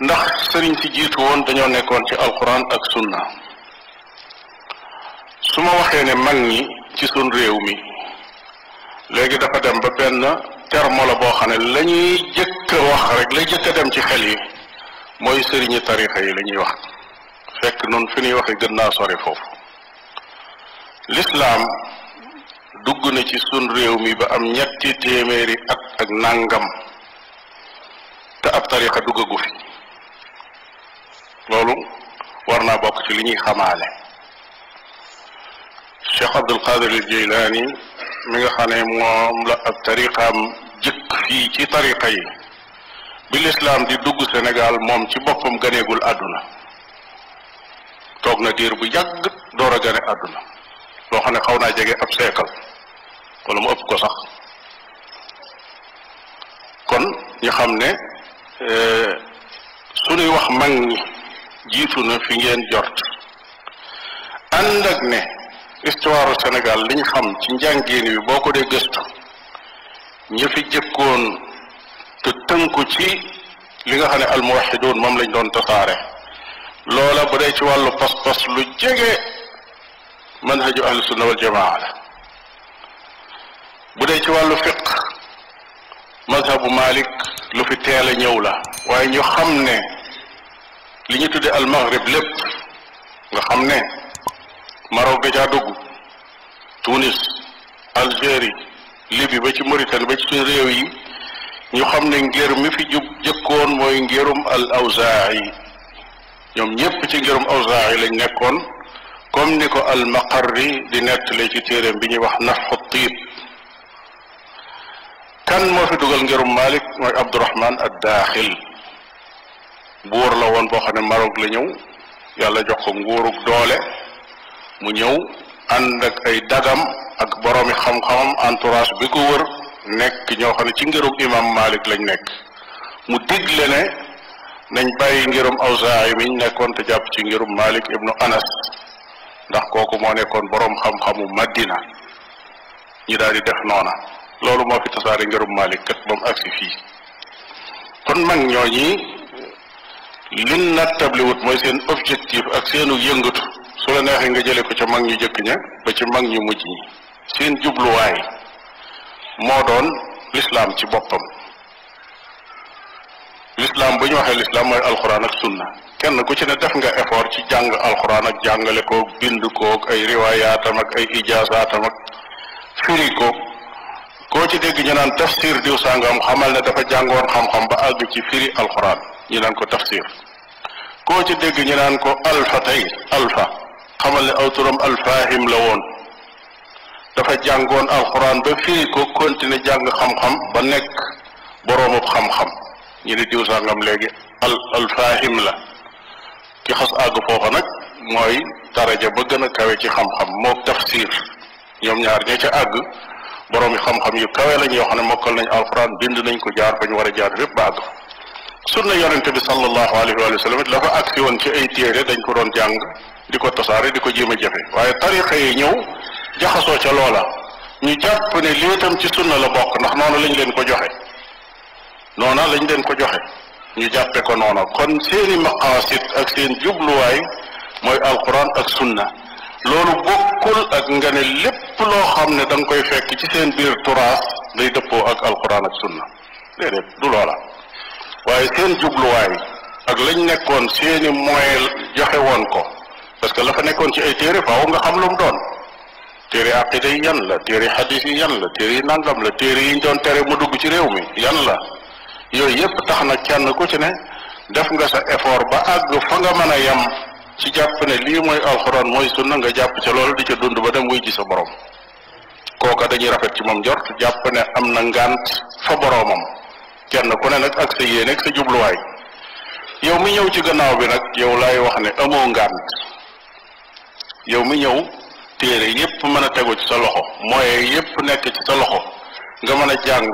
ndax sëriñ si jiitu woon dañoo nekkoon ci alquran ak sunna su ma waxee ne mag ñi ci sun réew mi léegi dafa dem ba benn terme la boo xam ne la ñuy wax rek la jëkk dem ci xel yi mooy sëriñi tarixa yi la ñuy wax fekk noonu fi ñuy waxe gën naa sori foofu lislaam dugg na ci sun réew mi ba am ñetti téeméeri at ak nàngam te ab tarixa duggagu fi loolu war naa bokk ci li ñuy xamaale Cheikh Abdul Qadir al Jilani mi xam ne moom la ab tariqaam jëkk fii ci tariqa yi bi lislaam di dugg Sénégal moom ci boppam ganeegul àdduna toog na diir bu yàgg door a gane àdduna loo xam ne xaw naa jege ab seekal wala mu ëpp ko sax kon ñu xam ne eh, suñuy wax mag ñi jiitu na fi ngeen jort ànd ak ne histoire Sénégal liñ xam ci njàngeen wi boo ko dee gëstu ñi fi jëkkoon te tënku ci li nga xam ne almuwaxiduun moom lañ doon tasaare loola bu dee ci wàllu pas-pas lu jege manhaju ahlu sunna wal jamaa la bu dee ci wàllu fiq mazhabu Malik lu fi teel a ñëw la waaye ñu xam ne li ñu tudde al maghrib lépp nga xam ne Maroc ga caa dugg Tunis Algérie Libye ba ci Mauritanie ba ci réew yi ñu xam ne ngir mi fi jub jëkkoon mooy ngirum al awzaa'i ñoom ñépp ci ngirum awzaa'i lañ nekkoon comme ni ko al maqarri di nettali ci téeréem bi ñuy wax nafxu tiib kan moo fi dugal ngirum Malik mooy Abdurahman ad daaxil buur la woon boo xam ne Maroc la ñëw yàlla jox ko nguurug doole mu ñëw ànd ak ay dagam ak boroomi xam-xamam entourage bi ko wër nekk ñoo xam ne ci ngirug imam Malik lañ nekk mu digle ne nañ bàyyi ngirum Awzaa'i mi ñu nekkoon te jàpp ci ngirum Malik ibnu Anas ndax kooku moo nekkoon boroom xam-xamu Madina ñi daal di def noona loolu moo fi tasaare ngirum Malik kat ba mu fii kon mag ñooñi lin nattable mooy seen objectif ak seenu yëngatu su la neexee nga jële ko ca mag ñu jëkk ña ba ci mag ñu mujj ñi seen jubluwaay moo doon lislaam ci boppam lislaam bu ñu waxee lislaam mooy alxuraan ak sunna kenn ku ci ne def nga effort ci jàng alxuraan ak jàngale kook bind ko ay riwaayaatam ak ay ijaasaatam ak firi ko koo ci dégg ñu naan tafsir diw sàngam xamal ne dafa jàngoon xam-xam ba àgg ci firi alxuraan ñu naan ko tafsir koo ci dégg ñu naan ko alfa tey alfa xamal ne aw turam alfaahim la woon dafa jàngoon alxuraan ba firi ko continuer jàng xam-xam ba nekk boroomub xam-xam ñu ne diw sàngam léegi al alfaahim la ki xas àgg foofa nag mooy daraja ba gën a kawe ci xam-xam mook tafsir ñoom ñaar ña ca àgg boroomi xam-xam yu kawe lañ yoo xam ne mokkal nañ alxuraan bind nañ ko jaar fa ñu war a jaar fépp baa àgg fa sunna yonente bi sallallahu alayhi wa sallam it la fa agsi woon ci ay téere dañ ko doon jàng di ko tasaare di ko jéem a jafe waaye tariqa yi ñëw jaxasoo ca loola ñu jàpp ne lii tam ci sunna la bokk ndax noonu lañ leen ko joxe noona lañ leen ko joxe ñu jàppe ko noona kon seeni maqaasid ak seen jubluwaay mooy alquran ak sunna loolu bokkul ak nga ne lépp loo xam ne da koy fekk ci seen biir turaas lay dëppoo ak alquran ak sunna déedéet du loola waaye seen jubluwaay ak lañ nekkoon seeni moyen joxe woon ko parce que la nekkoon ci ay téere faaw nga xam lu doon téere aqida yi yan la téere xadis yi yan la téere yi nangam la téere yi ñu doon tere mu dugg ci réew mi yan la yooyu yépp tax na kenn ku ci ne def nga sa effort ba àgg fa nga mën a yem ci jàpp ne lii mooy alxuraan mooy sunna nga jàpp ca loolu di ca dund ba dem wuy ji sa borom kooka dañuy rafet ci moom jort jàpp ne am na ngant fa boroomam kenn ku ne nag ak sa yéene ak sa jubluwaay yow mi ñëw ci gannaaw bi nag yow laay wax ne amoo ngant yow mi ñëw téere yépp mën a tegu ci sa loxo mooy yépp nekk ci sa loxo nga mën a jàng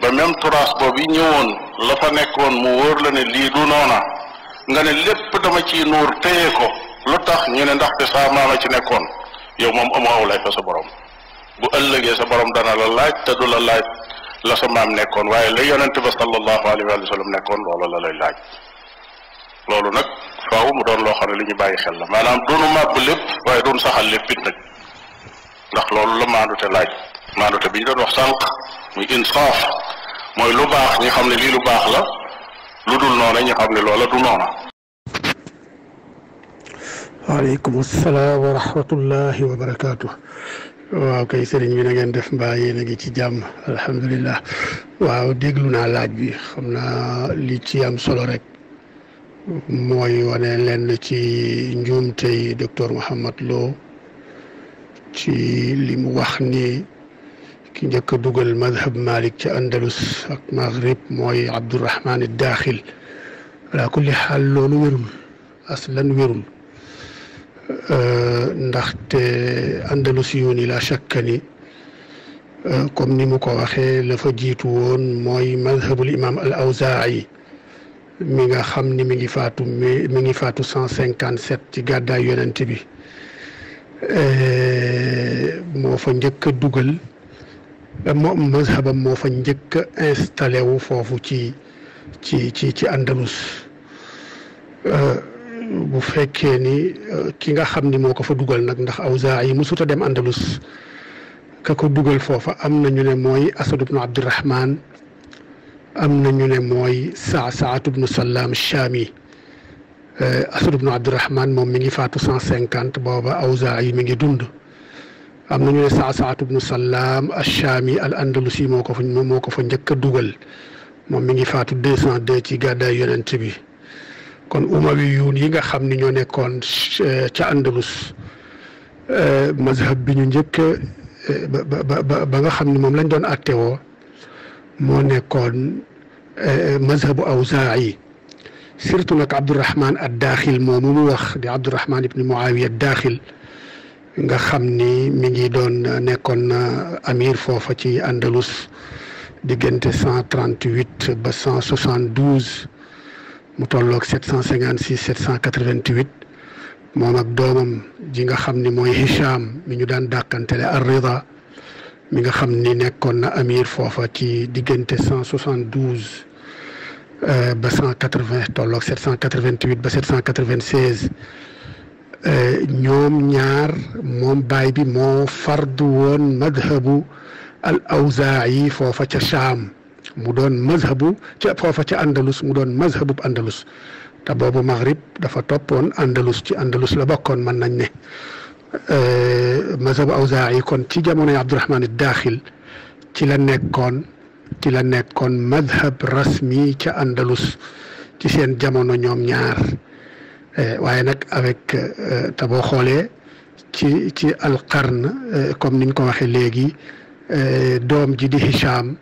ba même turaas boobu ñëwoon la fa nekkoon mu wóor la ne lii du noona nga ne lépp dama ci nuur téye ko lu tax ñu ne ndaxte saa a ci nekkoon yow moom amu aw lay fa sa borom bu ëllëgee sa borom dana la laaj te du la laaj la sa maam nekkoon waaye la yonente ba sallallahu alayhi wa sallam nekkoon loola la lay laaj loolu nag faaw mu doon loo xam ne li ñu bàyyi xel la maanaam doonu màbb lépp waaye doon saxal lépp it nag ndax loolu la maandute laaj maandute bi ñu doon wax sànq muy insaaf mooy lu baax ñu xam ne lii lu baax la lu dul noona ñu xam ne loola du noona. waaw kay sëriñ bi nangeen def mbaa yéen a ngi ci jàmm alhamdulilah waaw déglu naa laaj bi xam naa li ci am solo rek mooy wane leen ci njuumte yi docteur Mouhamed Lo ci li mu wax ni ki njëkk a dugal madhab malik ca andalus ak maghrib mooy abdurahman daaxil ala kulli xaal loolu wérul aslan wérul euh, ndaxte andalus yoon yi la shakka ni euh, comme ni mu ko waxee la fa jiitu woon mooy madhabul imam al awzaa'i mi nga xam ni mi ngi faatu mi ngi faatu cent cinquante sept ci gàddaay yonent bi euh, moo fa njëkk dugal moo mazhabam moo fa njëkk a wu foofu ci ci ci ci Andalus euh, bu fekkee ni euh, ki nga xam ni moo ko fa dugal nag ndax Awzaa yi mosut a dem Andalus ka ko dugal foofa am na ñu ne mooy Asad ibnu Abdurahman am na ñu ne mooy Sa'saat ibnu Salaam Shaami euh, Asad ibnu Abdurahman moom mi ngi faatu cent cinquante booba Awzaa yi mi ngi dund. am na nañu ne saasaatu bnu salaam achaami al andalusi moo ko fa moo ko fa njëkk dugal moom mi ngi faatu deux cent ci gàddaay yonent bi kon umawi yuun yi nga xam ni ñoo nekkoon ca andalus eh, mazhab bi ñu njëkk eh, ba ba ba nga xam ni moom lañ doon attewoo moo nekkoon eh, mazhabu awzaa yi surtout nag abdourahman ad daaxil moomu mu wax di abdourahman ibni muawiya ad daaxil nga xam ni mi ngi doon euh, nekkoon euh, amir foofa ci Andalus diggante cent trente huit ba cent soixante douze mu tolloog sept cent cinquante six sept cent quatre vingt huit moom ak doomam ji nga xam ni mooy Hicham mi ñu daan dàkkantele Ar-Rida mi nga xam ni nekkoon na amir foofa ci diggante cent soixante douze euh, ba cent quatre vingt huit ba sept cent quatre vingt seize Eh, ñoom ñaar moom baay bi moo fardu woon madhabu al awzaayi foofa ca Shaam mu doon mazhabu ca foofa ca Andalus mu doon mazhabub Andalus te boobu Maghrib dafa toppoon Andalus ci Andalus la bokkoon mën nañ ne eh, mazhabu awzaayi kon ci jamonoy Abdurahmaan daaxil ci la nekkoon ci la nekkoon mazhab rasmi ca Andalus ci seen jamono ñoom ñaar. Eh, waaye nag avec eh, eh, te boo xoolee ci ci alqarn comme niñ ko waxee léegi doom ji di Hicham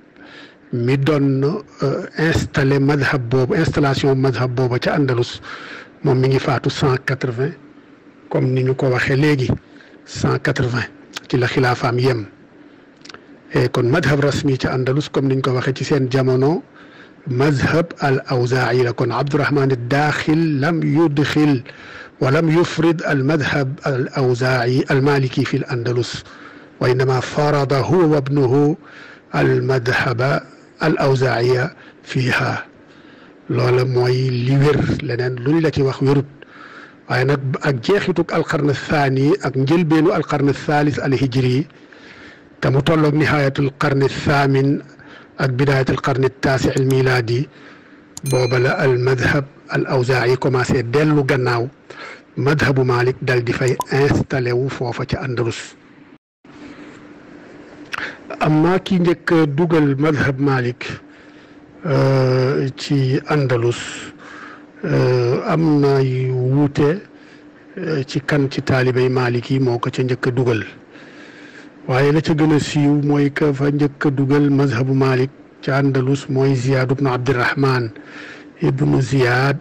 mi doon installé madhab boobu installation madhab booba ca Andalus moom mi ngi faatu cent quatre-vingt comme ni ñu ko waxee léegi cent quatre-vingt ci la xilaafaam yem kon madhab rasmi ca Andalus comme ni ñu ko waxee ci seen jamono. mazhab al awzaa'i la kon abdurahman daaxil lam yudxil wa lam yufrid al madhab al awzaa'i al maliki fi l andalus wa innama farada huwa wa ibnuhu al madhaba al awzaa'iya fiiha loola mooy li wér leneen lu ñu la ci wax wérut waaye nag ak jeexitug alqarn thaani ak njëlbeenu alqarn thalis al hijri te mu tolloog nihaayatul qarni thaamin ak bidaayatul qarni taasi al milaadi booba al madhab al awzaa'i commencé dellu gannaaw madhabu Malik dal di fay installé wu foofa ci Andalus. amma ki njëkk dugal madhab Malik euh, ci Andalus euh, am na wuute euh, ci kan ci taalibey Malik yi moo ko ca njëkk dugal. waaye la ca gën a siiw mooy ka fa njëkk a dugal mazhabu Malik ca Andalus mooy Ziyaad ibnu Abdirahman ibnu Ziyaad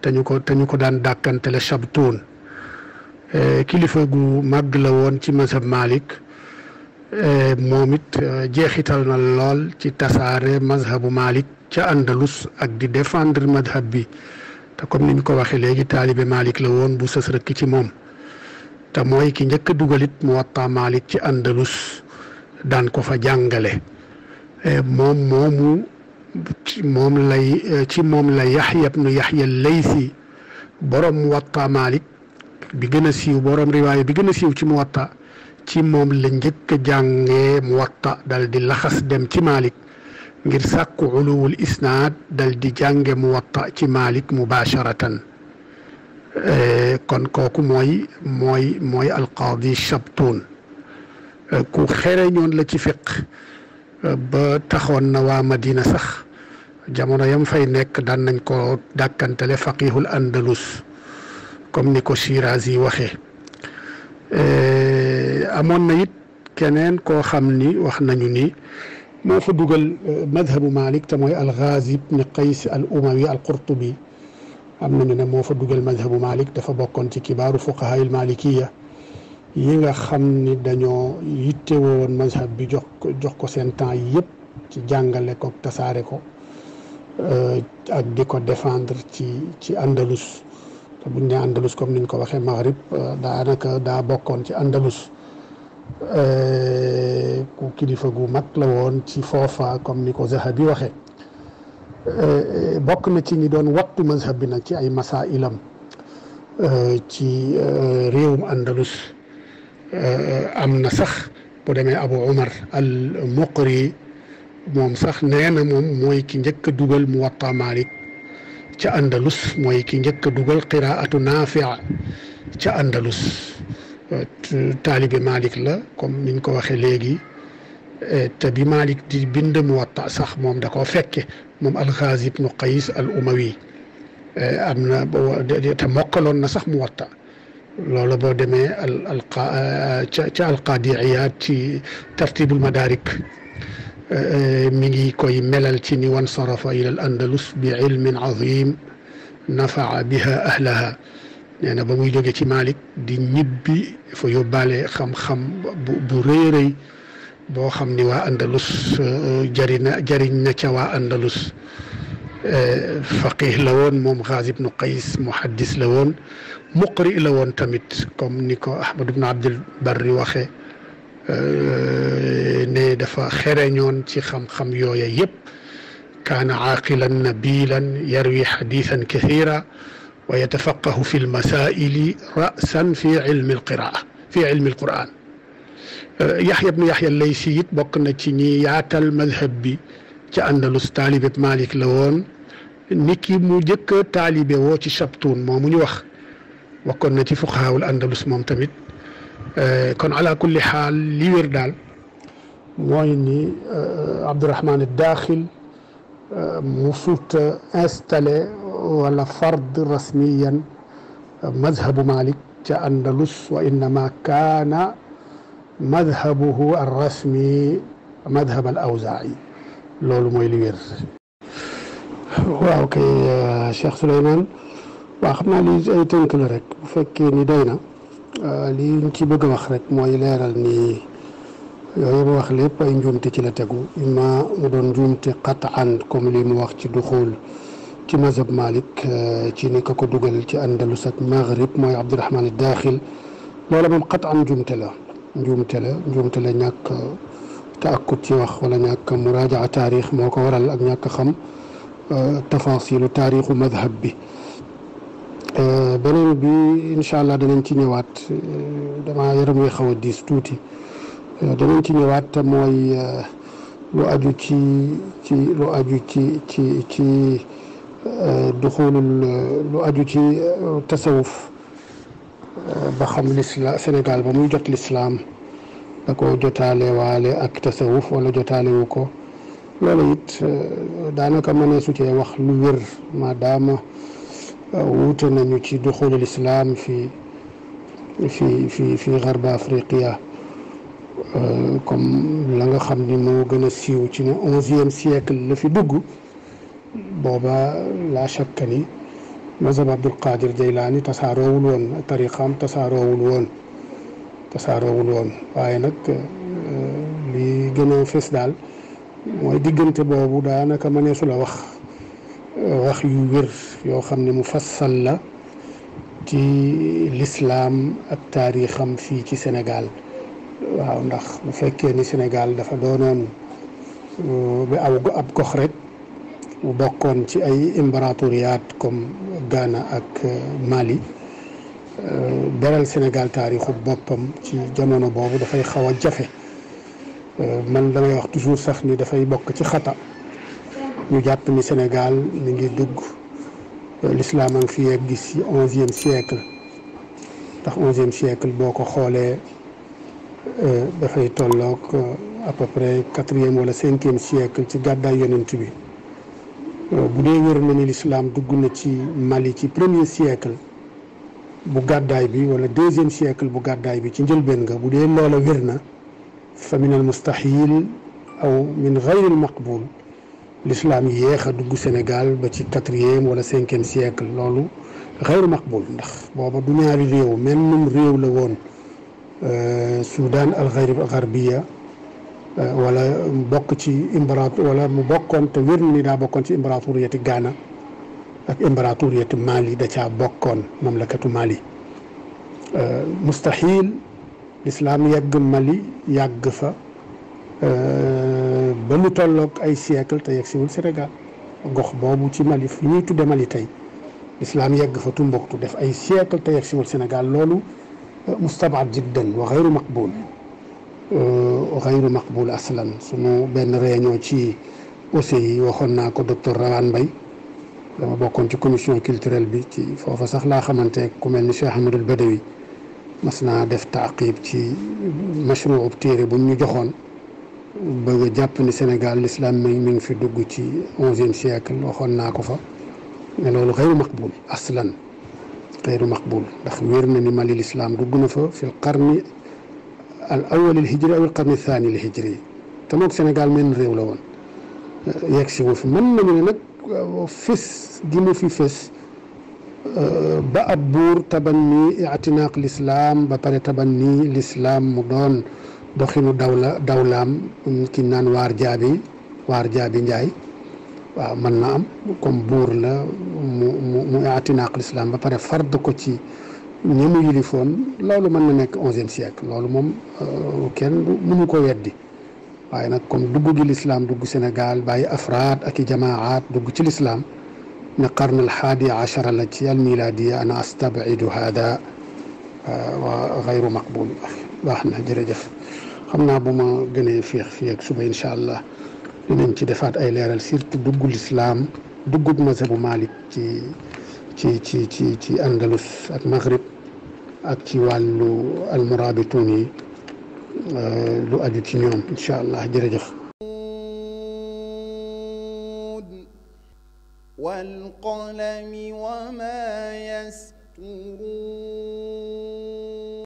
te ñu ko te ñu ko daan dàkkantele Shabtun eh, kilifa gu màgg la woon ci mazhab Malik eh, moom it eh, jeexital na lool ci tasaare mazhabu Malik ca Andalus ak di défendre mazhab bi te comme ni ñu ko waxee léegi taalibe Malik la woon bu sës rëkk ci moom. te mooy ki njëkk a dugalit Muwatta Malik ci Andalus daan ko fa jàngale eh, moom moomu moom lay eh, ci moom la Yaxya ibnu Yaxya Laysi borom Muwatta Malik bi gën a siiw borom riwaaya bi gëna a siiw ci Muwatta ci moom la njëkk a jàngee Muwatta dal di laxas dem ci Malik ngir sàkku uluwul isnaad dal di jànge Muwatta ci Malik mubasharatan Euh, kon kooku mooy mooy mooy alqaadi Shabtun euh, ku xere ñoon la ci fiq euh, ba taxoon na waa Madina sax jamono yam fay nekk dan nañ ko dàkkantele faqihul andalus comme ni ko Shirazi yi waxee amoon na it keneen koo xam ni wax nañu ni moo fa dugal madhabu Malik te mooy al Ghazi ibn Qays al Umawi al Qurtubi am ñu ne moo fa dugal mazhabu Malik dafa bokkoon ci kibaaru fuqahaayil malikiya yi nga xam ni dañoo yitte woon mazhab bi jox ko jox ko seen temps yëpp ci jàngale ko tasaare ko euh, ak di ko défendre ci ci Andalus te buñ ne Andalus comme niñ ko waxee Maghrib euh, daanaka daa bokkoon ci Andalus euh, ku kilifa gu mag la woon ci foofa comme ni ko Zahabi waxee Euh, bokk na ci ñi doon wattu mazhab bi ci ay masa ilam euh, ci euh, réewum andalus am na sax bu demee abu umar al muqri moom sax nee na moom mooy ki njëkk a dugal muwatta malik ca andalus mooy ki njëkk a dugal qiraatu nafia ca andalus taalibe malik la kom niñ ko waxee léegi te bi Malik di bind Muwatta sax moom da koo fekke moom al-Ghazi ibnu Qays al-Umawi eh, am na te mokkaloon na sax Muwatta loolu boo demee al al ca ca al-Qaadi Iyaad ci tartibul madaarik eh, mi ngi koy melal ci ni wan sarafa ila al-Andalus bi ilmin azim nafaa biha ahlaha nee na ba muy jóge ci Malik di ñibbi fa yóbbaale xam-xam bu bu rëy rëy boo xam ni waa Andalus euh, jëriñ na jëriñ na ca waa Andalus euh, faqih la woon moom Ghaaz ibnu Qays muhaddis la woon muqri la woon tamit comme ni ko Ahmad ibnu Abdul Barri waxe euh, ne dafa xereñoon ci xam-xam yooya yëpp kaana aaqilan nabilan yarwi xadisan kathira wa yatafaqahu fi lmasaili rasan fi ilmi alqiraa fi ilmi alquran Euh, Yaxya ibnu Yaxya al-Laysi bokk na ci ni yaatal madhab bi ci Andalus taalibeb Malik la woon ki mu jëkk a taalibe woo ci Shabtun mu ñu wax bokkoon na ci fuqahaawul Andalus moom tamit euh, kon ala kulli xaal li wér mooy ni euh, Abdourahman Daaxil musut installé wala fard rasmiyan madhabu Malik ca Andalus wa innama madhabuhu arrasmi madhab al awzaa'i loolu mooy li wér waaw kay euh, Cheikh Souleymane waaw xam naa li ay tënk la rek bu fekkee ni doy na euh, li ñu ci bëgg a wax rek mooy leeral ni yooyu mu wax lépp ay njuumte ci la tegu imma mu doon njuumte qataan comme li mu wax ci duxul ci mazhab Malik euh, ci ni ka ko dugal ci Andalus ak Maghrib mooy Abdurahman Daaxil loola moom qataan njuumte la njuumte la njuumte la ñàkk taakkut ci wax wala ñàkk muraaja taarix moo ko waral ak ñàkk xam euh, tafaasilu taarixu madhab bi euh, beneen bi incha allah danañ ci ñëwaat euh, dama yaram wi xaw a diis tuuti danañ ci ñëwaat mooy lu aju ci ci lu aju ci ci ci lu aju ci tasawuf ba xam lisla Sénégal ba muy jot lislaam da ko jotaale waale ak tasawuf wala jotaale wu ko loolu it euh, daanaka mënee su cee wax lu wér maadaama euh, wuute nañu ci duxulul islaam fi fi fi fi garba afriqiya euh, comme la nga xam ni moo gën a siiw ci ne onzième siècle la fi dugg booba la chakka ni mazhab Abdul Qadir Jaylaani tasaaroowul woon tariqaam tasaaroowul woon waaye nag li gën a daal mooy diggante boobu daanaka ma la wax wax yu wér yoo xam ne mu fassal la ci lislaam ak taarixam fii ci Sénégal waaw ndax bu fekkee ni Sénégal dafa doonoon bi aw ab gox rek bu bokkoon ci ay imbaratoriyaat comme Ghana ak euh, Mali euh, beral Sénégal taarixu boppam ci jamono boobu dafay xaw a jafe euh, man damay wax toujours sax ni dafay bokk ci xata ñu jàpp ni Sénégal mi ngi dugg l'islam a ngi fi yegg si onzième siècle ndax onzième siècle boo ko xoolee dafay tolloog à peu près quatrième wala cinquième siècle ci gàddaay yonent bi Euh, bu dee wér na ni dugg na ci Mali ci premier siècle bu gàddaay bi wala deuxième siècle bu gàddaay bi ci njëlbéen nga bu dee loola wér na fa min al mustahil aw min gayri al maqbul lislaam yéex a dugg Sénégal ba ci quatrième wala cinquième siècle loolu gayru maqbul ndax booba du ñaari réew mennum la woon euh, Soudan al garbiya Euh, wala mu bokk ci impérator wala mu bokkoon te wér ni daa bokkoon ci impérator yeti Ghana ak impérator yeti Mali da caa bokkoon mamlakatu Mali euh, mustahil lislaam yegg Mali yàgg fa euh, ba mu tolloog ay siècle te yegg siwul Sénégal gox boobu ci Mali fi ñuy tudde Mali tey lislaam yegg fa Tumbuktu def ay siècle te yegg siwul senegal loolu mustabaat jiddan wa xayru maqbul xayru euh, maqbul aslan benn réunion ci aussi waxoon naa ko docteur Rawane Mbaye dama bokkoon ci commission culturelle bi ci foofa sax laa xamante ku mel ni Cheikh Ahmadul Badawi mas naa def taaqib ci mashruu téere bu ñu joxoon bëgg a jàpp ni Sénégal l'islam mi mi ngi fi dugg ci onzième siècle waxoon naa ko fa ne loolu xayru maqbul aslan xayru maqbul ndax wér na ni Mali l'islam dugg na fa fil qarni al awal al hijri aw al qarni thani al hijri te moog Sénégal menn la woon eh, yegg si wu fi mën nañu ne nag eh, fés gi mu fi fés eh, ba ab buur taban nii itinaaq lislaam ba pare taban nii lislaam mu doon doxinu dawla dawlaam ki naan waar jaabi waar jaabi njaay waaw mën na am comme buur la mu mu mu itinaaq ba pare fard ko ci ñamu yilifoon loolu mën na nekk onzième siècle loolu moom euh, kenn mënu ko weddi waaye nag comme dugg gi lislaam dugg Sénégal bay afraad aki i jamaat dugg ci lislaam ne qarn alhaadi achara la ci almilaadiya ana astabidu hada euh, wa gayru maqbul baax na jërëjëf xam naa bu ma gënee féex fii ak suba incha allah dinañ ci defaat ay leeral surtout dugg lislaam duggub mazhabu Malik ci ci ci ci ci andalus ak maghrib ak ci wàllu almurabitun euh, lu aju ci ñoom incha allah jërëjëf